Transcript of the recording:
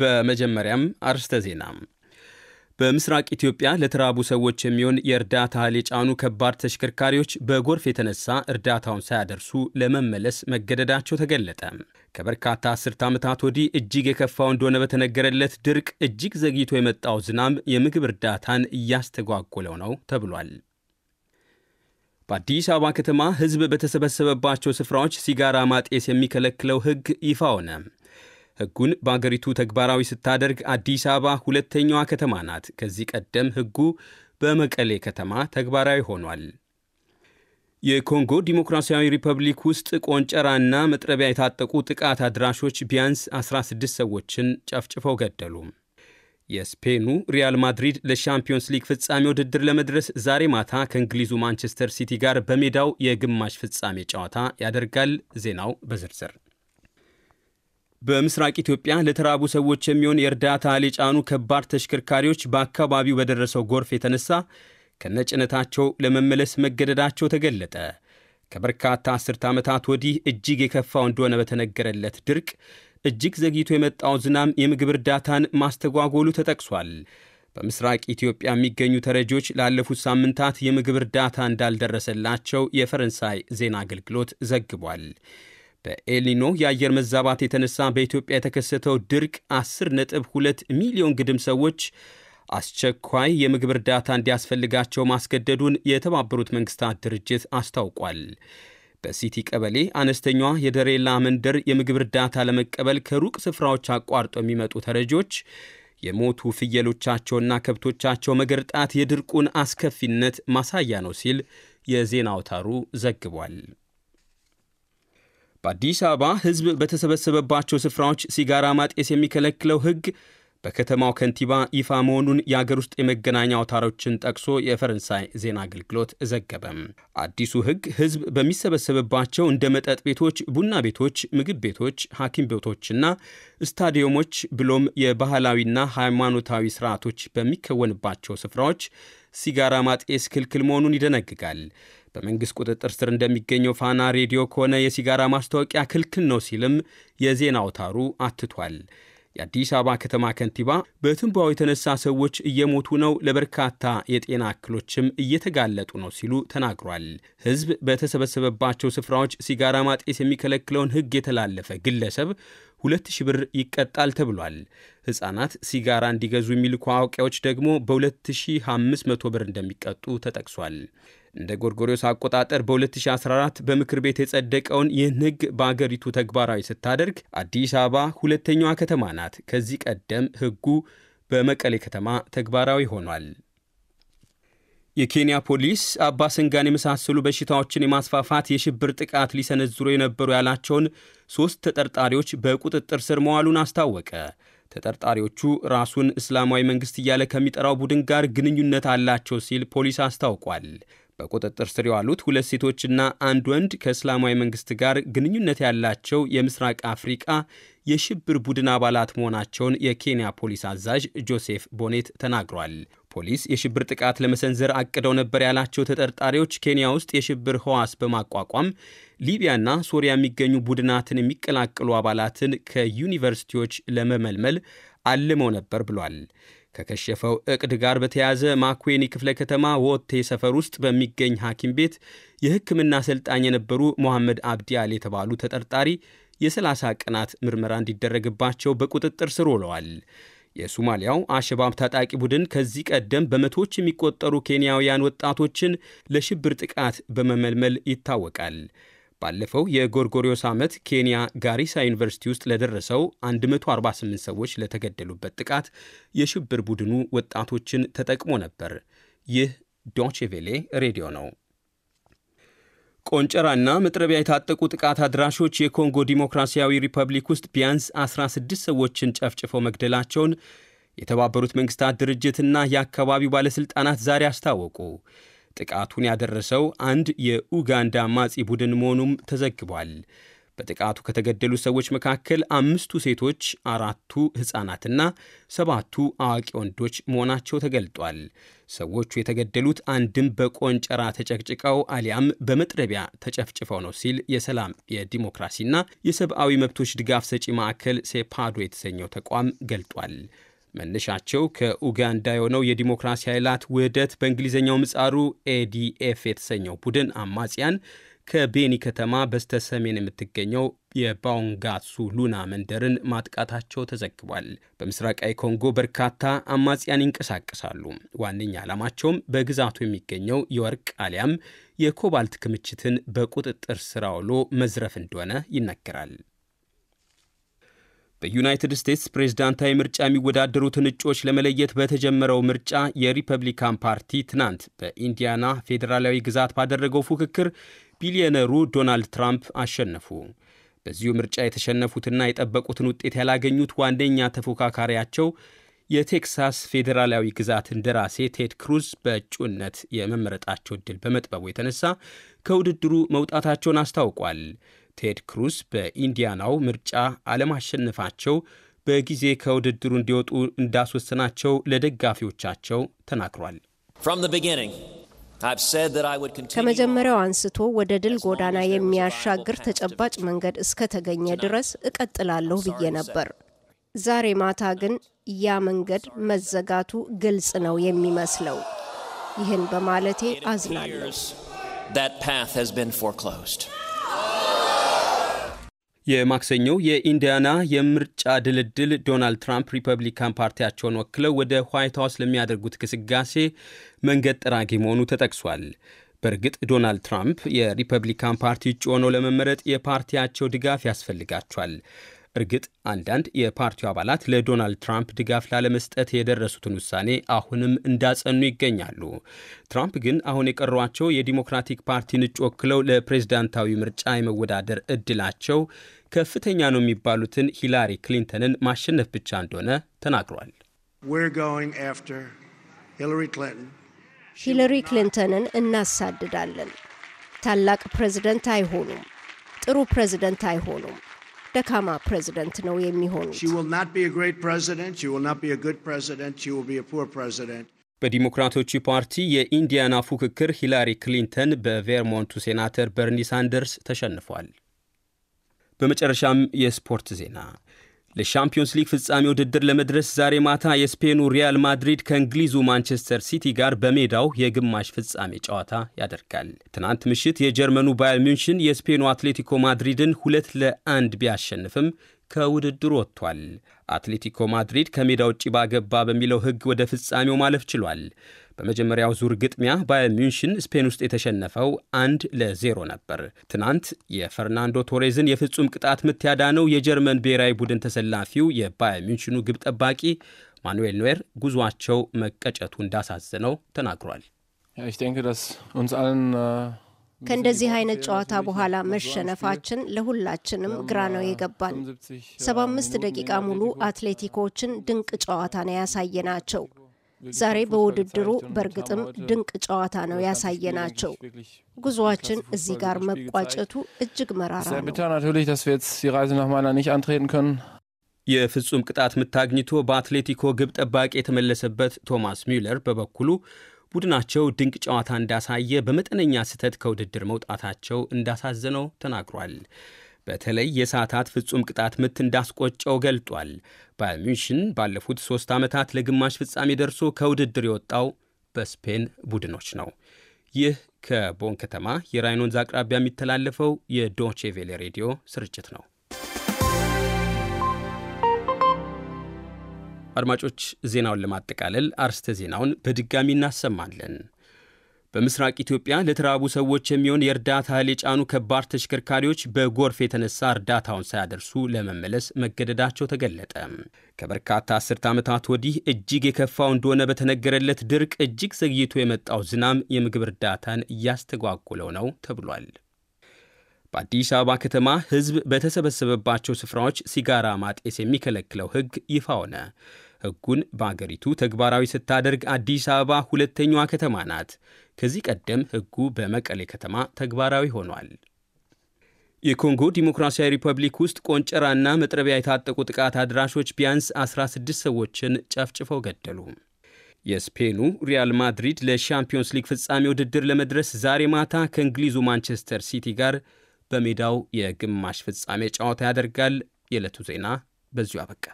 በመጀመሪያም አርስተ ዜና በምስራቅ ኢትዮጵያ ለተራቡ ሰዎች የሚሆን የእርዳታ እህል የጫኑ ከባድ ተሽከርካሪዎች በጎርፍ የተነሳ እርዳታውን ሳያደርሱ ለመመለስ መገደዳቸው ተገለጠ። ከበርካታ አስርት ዓመታት ወዲህ እጅግ የከፋው እንደሆነ በተነገረለት ድርቅ እጅግ ዘግይቶ የመጣው ዝናብ የምግብ እርዳታን እያስተጓጎለው ነው ተብሏል። በአዲስ አበባ ከተማ ሕዝብ በተሰበሰበባቸው ስፍራዎች ሲጋራ ማጤስ የሚከለክለው ሕግ ይፋ ሆነ። ሕጉን በአገሪቱ ተግባራዊ ስታደርግ አዲስ አበባ ሁለተኛዋ ከተማ ናት። ከዚህ ቀደም ሕጉ በመቀሌ ከተማ ተግባራዊ ሆኗል። የኮንጎ ዲሞክራሲያዊ ሪፐብሊክ ውስጥ ቆንጨራና መጥረቢያ የታጠቁ ጥቃት አድራሾች ቢያንስ 16 ሰዎችን ጨፍጭፈው ገደሉ። የስፔኑ ሪያል ማድሪድ ለሻምፒዮንስ ሊግ ፍጻሜ ውድድር ለመድረስ ዛሬ ማታ ከእንግሊዙ ማንቸስተር ሲቲ ጋር በሜዳው የግማሽ ፍጻሜ ጨዋታ ያደርጋል። ዜናው በዝርዝር በምስራቅ ኢትዮጵያ ለተራቡ ሰዎች የሚሆን የእርዳታ ሊጫኑ ከባድ ተሽከርካሪዎች በአካባቢው በደረሰው ጎርፍ የተነሳ ከነጭነታቸው ለመመለስ መገደዳቸው ተገለጠ። ከበርካታ አስርተ ዓመታት ወዲህ እጅግ የከፋው እንደሆነ በተነገረለት ድርቅ እጅግ ዘግይቶ የመጣው ዝናም የምግብ እርዳታን ማስተጓጎሉ ተጠቅሷል። በምስራቅ ኢትዮጵያ የሚገኙ ተረጂዎች ላለፉት ሳምንታት የምግብ እርዳታ እንዳልደረሰላቸው የፈረንሳይ ዜና አገልግሎት ዘግቧል። በኤልኒኖ የአየር መዛባት የተነሳ በኢትዮጵያ የተከሰተው ድርቅ 10.2 ሚሊዮን ግድም ሰዎች አስቸኳይ የምግብ እርዳታ እንዲያስፈልጋቸው ማስገደዱን የተባበሩት መንግስታት ድርጅት አስታውቋል። በሲቲ ቀበሌ አነስተኛዋ የደሬላ መንደር የምግብ እርዳታ ለመቀበል ከሩቅ ስፍራዎች አቋርጦ የሚመጡ ተረጂዎች የሞቱ ፍየሎቻቸውና ከብቶቻቸው መገርጣት የድርቁን አስከፊነት ማሳያ ነው ሲል የዜና አውታሩ ዘግቧል። በአዲስ አበባ ህዝብ በተሰበሰበባቸው ስፍራዎች ሲጋራ ማጤስ የሚከለክለው ህግ በከተማው ከንቲባ ይፋ መሆኑን የአገር ውስጥ የመገናኛ አውታሮችን ጠቅሶ የፈረንሳይ ዜና አገልግሎት ዘገበም። አዲሱ ህግ ህዝብ በሚሰበሰብባቸው እንደ መጠጥ ቤቶች፣ ቡና ቤቶች፣ ምግብ ቤቶች፣ ሐኪም ቤቶችና ስታዲየሞች ብሎም የባህላዊና ሃይማኖታዊ ስርዓቶች በሚከወንባቸው ስፍራዎች ሲጋራ ማጤስ ክልክል መሆኑን ይደነግጋል። በመንግሥት ቁጥጥር ስር እንደሚገኘው ፋና ሬዲዮ ከሆነ የሲጋራ ማስታወቂያ ክልክል ነው ሲልም የዜና አውታሩ አትቷል። የአዲስ አበባ ከተማ ከንቲባ በትንባው የተነሳ ሰዎች እየሞቱ ነው፣ ለበርካታ የጤና እክሎችም እየተጋለጡ ነው ሲሉ ተናግሯል። ሕዝብ በተሰበሰበባቸው ስፍራዎች ሲጋራ ማጤስ የሚከለክለውን ሕግ የተላለፈ ግለሰብ ሁለት ሺህ ብር ይቀጣል ተብሏል። ሕፃናት ሲጋራ እንዲገዙ የሚልኩ አዋቂዎች ደግሞ በ2500 ብር እንደሚቀጡ ተጠቅሷል። እንደ ጎርጎሪዮስ አቆጣጠር በ2014 በምክር ቤት የጸደቀውን ይህን ሕግ በአገሪቱ ተግባራዊ ስታደርግ አዲስ አበባ ሁለተኛዋ ከተማ ናት። ከዚህ ቀደም ሕጉ በመቀሌ ከተማ ተግባራዊ ሆኗል። የኬንያ ፖሊስ አባ የመሳሰሉ በሽታዎችን የማስፋፋት የሽብር ጥቃት ሊሰነዝሩ የነበሩ ያላቸውን ሦስት ተጠርጣሪዎች በቁጥጥር ስር መዋሉን አስታወቀ። ተጠርጣሪዎቹ ራሱን እስላማዊ መንግሥት እያለ ከሚጠራው ቡድን ጋር ግንኙነት አላቸው ሲል ፖሊስ አስታውቋል። በቁጥጥር ስር የዋሉት ሁለት ሴቶችና አንድ ወንድ ከእስላማዊ መንግሥት ጋር ግንኙነት ያላቸው የምስራቅ አፍሪቃ የሽብር ቡድን አባላት መሆናቸውን የኬንያ ፖሊስ አዛዥ ጆሴፍ ቦኔት ተናግሯል። ፖሊስ የሽብር ጥቃት ለመሰንዘር አቅደው ነበር ያላቸው ተጠርጣሪዎች ኬንያ ውስጥ የሽብር ህዋስ በማቋቋም ሊቢያና ሶሪያ የሚገኙ ቡድናትን የሚቀላቅሉ አባላትን ከዩኒቨርሲቲዎች ለመመልመል አልመው ነበር ብሏል። ከከሸፈው እቅድ ጋር በተያያዘ ማኩዌኒ ክፍለ ከተማ ወቴ ሰፈር ውስጥ በሚገኝ ሐኪም ቤት የሕክምና አሰልጣኝ የነበሩ ሞሐመድ አብዲ አል የተባሉ ተጠርጣሪ የ30 ቀናት ምርመራ እንዲደረግባቸው በቁጥጥር ስር ውለዋል። የሱማሊያው አሸባብ ታጣቂ ቡድን ከዚህ ቀደም በመቶዎች የሚቆጠሩ ኬንያውያን ወጣቶችን ለሽብር ጥቃት በመመልመል ይታወቃል። ባለፈው የጎርጎሪዮስ ዓመት ኬንያ ጋሪሳ ዩኒቨርሲቲ ውስጥ ለደረሰው 148 ሰዎች ለተገደሉበት ጥቃት የሽብር ቡድኑ ወጣቶችን ተጠቅሞ ነበር። ይህ ዶችቬሌ ቬሌ ሬዲዮ ነው። ቆንጨራና መጥረቢያ የታጠቁ ጥቃት አድራሾች የኮንጎ ዲሞክራሲያዊ ሪፐብሊክ ውስጥ ቢያንስ 16 ሰዎችን ጨፍጭፈው መግደላቸውን የተባበሩት መንግስታት ድርጅትና የአካባቢው ባለሥልጣናት ዛሬ አስታወቁ። ጥቃቱን ያደረሰው አንድ የኡጋንዳ አማጺ ቡድን መሆኑም ተዘግቧል። በጥቃቱ ከተገደሉ ሰዎች መካከል አምስቱ ሴቶች፣ አራቱ ሕፃናትና ሰባቱ አዋቂ ወንዶች መሆናቸው ተገልጧል። ሰዎቹ የተገደሉት አንድም በቆንጨራ ተጨቅጭቀው አሊያም በመጥረቢያ ተጨፍጭፈው ነው ሲል የሰላም የዲሞክራሲና የሰብአዊ መብቶች ድጋፍ ሰጪ ማዕከል ሴፓዶ የተሰኘው ተቋም ገልጧል። መነሻቸው ከኡጋንዳ የሆነው የዲሞክራሲ ኃይላት ውህደት በእንግሊዝኛው ምጻሩ ኤዲኤፍ የተሰኘው ቡድን አማጽያን ከቤኒ ከተማ በስተ ሰሜን የምትገኘው የባውንጋሱ ሉና መንደርን ማጥቃታቸው ተዘግቧል። በምስራቃዊ ኮንጎ በርካታ አማጽያን ይንቀሳቀሳሉ። ዋነኛ ዓላማቸውም በግዛቱ የሚገኘው የወርቅ አሊያም የኮባልት ክምችትን በቁጥጥር ስር አውሎ መዝረፍ እንደሆነ ይነገራል። በዩናይትድ ስቴትስ ፕሬዝዳንታዊ ምርጫ የሚወዳደሩትን እጩዎች ለመለየት በተጀመረው ምርጫ የሪፐብሊካን ፓርቲ ትናንት በኢንዲያና ፌዴራላዊ ግዛት ባደረገው ፉክክር ቢሊዮነሩ ዶናልድ ትራምፕ አሸነፉ። በዚሁ ምርጫ የተሸነፉትና የጠበቁትን ውጤት ያላገኙት ዋነኛ ተፎካካሪያቸው የቴክሳስ ፌዴራላዊ ግዛት እንደራሴ ቴድ ክሩዝ በእጩነት የመመረጣቸው እድል በመጥበቡ የተነሳ ከውድድሩ መውጣታቸውን አስታውቋል። ቴድ ክሩዝ በኢንዲያናው ምርጫ አለማሸነፋቸው በጊዜ ከውድድሩ እንዲወጡ እንዳስወሰናቸው ለደጋፊዎቻቸው ተናግሯል። ከመጀመሪያው አንስቶ ወደ ድል ጎዳና የሚያሻግር ተጨባጭ መንገድ እስከተገኘ ድረስ እቀጥላለሁ ብዬ ነበር። ዛሬ ማታ ግን ያ መንገድ መዘጋቱ ግልጽ ነው የሚመስለው። ይህን በማለቴ አዝናለሁ። የማክሰኞ የኢንዲያና የምርጫ ድልድል ዶናልድ ትራምፕ ሪፐብሊካን ፓርቲያቸውን ወክለው ወደ ዋይት ሀውስ ለሚያደርጉት ግስጋሴ መንገድ ጠራጊ መሆኑ ተጠቅሷል። በእርግጥ ዶናልድ ትራምፕ የሪፐብሊካን ፓርቲ እጩ ሆነው ለመመረጥ የፓርቲያቸው ድጋፍ ያስፈልጋቸዋል። እርግጥ አንዳንድ የፓርቲው አባላት ለዶናልድ ትራምፕ ድጋፍ ላለመስጠት የደረሱትን ውሳኔ አሁንም እንዳጸኑ ይገኛሉ። ትራምፕ ግን አሁን የቀሯቸው የዲሞክራቲክ ፓርቲን እጩ ወክለው ለፕሬዝዳንታዊ ምርጫ የመወዳደር እድላቸው ከፍተኛ ነው የሚባሉትን ሂላሪ ክሊንተንን ማሸነፍ ብቻ እንደሆነ ተናግሯል። ሂለሪ ክሊንተንን እናሳድዳለን። ታላቅ ፕሬዝደንት አይሆኑም። ጥሩ ፕሬዝደንት አይሆኑም። ደካማ ፕሬዚደንት ነው የሚሆኑት። በዲሞክራቶቹ ፓርቲ የኢንዲያና ፉክክር ሂላሪ ክሊንተን በቬርሞንቱ ሴናተር በርኒ ሳንደርስ ተሸንፏል። በመጨረሻም የስፖርት ዜና ለሻምፒዮንስ ሊግ ፍጻሜ ውድድር ለመድረስ ዛሬ ማታ የስፔኑ ሪያል ማድሪድ ከእንግሊዙ ማንቸስተር ሲቲ ጋር በሜዳው የግማሽ ፍጻሜ ጨዋታ ያደርጋል። ትናንት ምሽት የጀርመኑ ባየር ሚንሽን የስፔኑ አትሌቲኮ ማድሪድን ሁለት ለአንድ ቢያሸንፍም ከውድድሩ ወጥቷል። አትሌቲኮ ማድሪድ ከሜዳ ውጭ ባገባ በሚለው ሕግ ወደ ፍጻሜው ማለፍ ችሏል። በመጀመሪያው ዙር ግጥሚያ ባየር ሚንሽን ስፔን ውስጥ የተሸነፈው አንድ ለዜሮ ነበር። ትናንት የፈርናንዶ ቶሬዝን የፍጹም ቅጣት ምት ያዳነው የጀርመን ብሔራዊ ቡድን ተሰላፊው የባየር ሚንሽኑ ግብ ጠባቂ ማኑኤል ኖዌር ጉዟቸው መቀጨቱ እንዳሳዘነው ተናግሯል። äh, ከእንደዚህ አይነት ጨዋታ በኋላ መሸነፋችን ለሁላችንም ግራ ነው የገባን። äh, አምስት ደቂቃ ሙሉ አትሌቲኮችን ድንቅ ጨዋታ ነው ያሳየናቸው። ዛሬ በውድድሩ በእርግጥም ድንቅ ጨዋታ ነው ያሳየ ናቸው። ጉዞአችን እዚህ ጋር መቋጨቱ እጅግ መራራ ነው። የፍጹም ቅጣት ምት አግኝቶ በአትሌቲኮ ግብ ጠባቂ የተመለሰበት ቶማስ ሚውለር በበኩሉ ቡድናቸው ድንቅ ጨዋታ እንዳሳየ፣ በመጠነኛ ስህተት ከውድድር መውጣታቸው እንዳሳዘነው ተናግሯል። በተለይ የሰዓታት ፍጹም ቅጣት ምት እንዳስቆጨው ገልጧል። ባየር ሚንሽን ባለፉት ሦስት ዓመታት ለግማሽ ፍጻሜ ደርሶ ከውድድር የወጣው በስፔን ቡድኖች ነው። ይህ ከቦን ከተማ የራይን ወንዝ አቅራቢያ የሚተላለፈው የዶቼ ቬሌ ሬዲዮ ስርጭት ነው። አድማጮች፣ ዜናውን ለማጠቃለል አርስተ ዜናውን በድጋሚ እናሰማለን። በምስራቅ ኢትዮጵያ ለተራቡ ሰዎች የሚሆን የእርዳታ እህል የጫኑ ከባድ ተሽከርካሪዎች በጎርፍ የተነሳ እርዳታውን ሳያደርሱ ለመመለስ መገደዳቸው ተገለጠ። ከበርካታ አስርት ዓመታት ወዲህ እጅግ የከፋው እንደሆነ በተነገረለት ድርቅ እጅግ ዘግይቶ የመጣው ዝናም የምግብ እርዳታን እያስተጓጉለው ነው ተብሏል። በአዲስ አበባ ከተማ ሕዝብ በተሰበሰበባቸው ስፍራዎች ሲጋራ ማጤስ የሚከለክለው ሕግ ይፋ ሆነ። ሕጉን በአገሪቱ ተግባራዊ ስታደርግ አዲስ አበባ ሁለተኛዋ ከተማ ናት። ከዚህ ቀደም ሕጉ በመቀሌ ከተማ ተግባራዊ ሆኗል። የኮንጎ ዲሞክራሲያዊ ሪፐብሊክ ውስጥ ቆንጨራና መጥረቢያ የታጠቁ ጥቃት አድራሾች ቢያንስ 16 ሰዎችን ጨፍጭፈው ገደሉ። የስፔኑ ሪያል ማድሪድ ለሻምፒዮንስ ሊግ ፍጻሜ ውድድር ለመድረስ ዛሬ ማታ ከእንግሊዙ ማንቸስተር ሲቲ ጋር በሜዳው የግማሽ ፍጻሜ ጨዋታ ያደርጋል። የዕለቱ ዜና በዚሁ አበቃ።